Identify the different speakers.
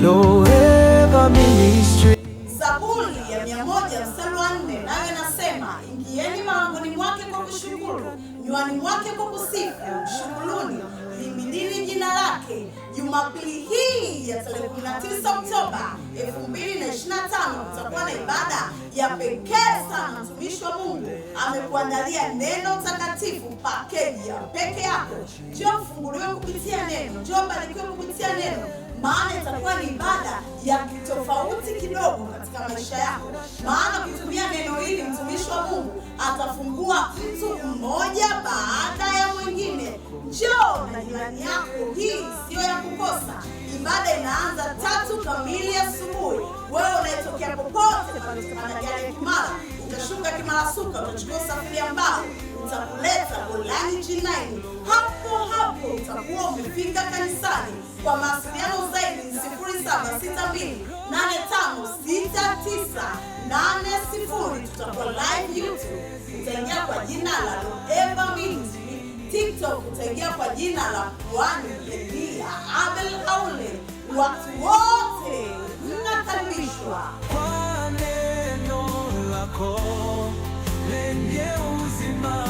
Speaker 1: Zaburi ya mia moja mstari wa nne nayo inasema ingieni malangoni mwake kwa kushukuru, nywani mwake kwa kusifu, mshukuruni, lihimidini jina lake. Jumapili hii ya tarehe 19 Oktoba 2025 tutakuwa na ibada ya pekee sana. Mtumishi wa Mungu amekuandalia neno takatifu, pakeji ya peke yako. Njoo ufunguliwe kupitia neno, njoo barikiwe maana itakuwa ni ibada ya kitofauti kidogo katika maisha yako, maana ukitumia neno hili, mtumishi wa Mungu atafungua mtu mmoja baada ya mwingine. Njoo na imani yako, hii siyo ya kukosa. Ibada inaanza tatu kamili asubuhi. Wewe unaitokea popote pale, gari ya Kimara, utashuka Kimara Suka, utachukua usafiri ambao kanisa Kuombi, umefika kanisani. Kwa mawasiliano zaidi ni sifuri. Tutakuwa live YouTube, utaingia kwa jina la Eva Ministry. TikTok utaingia kwa jina la Bwana Elia Abel Aule. Watu wote mnakaribishwa kwa neno lako lenye uzima.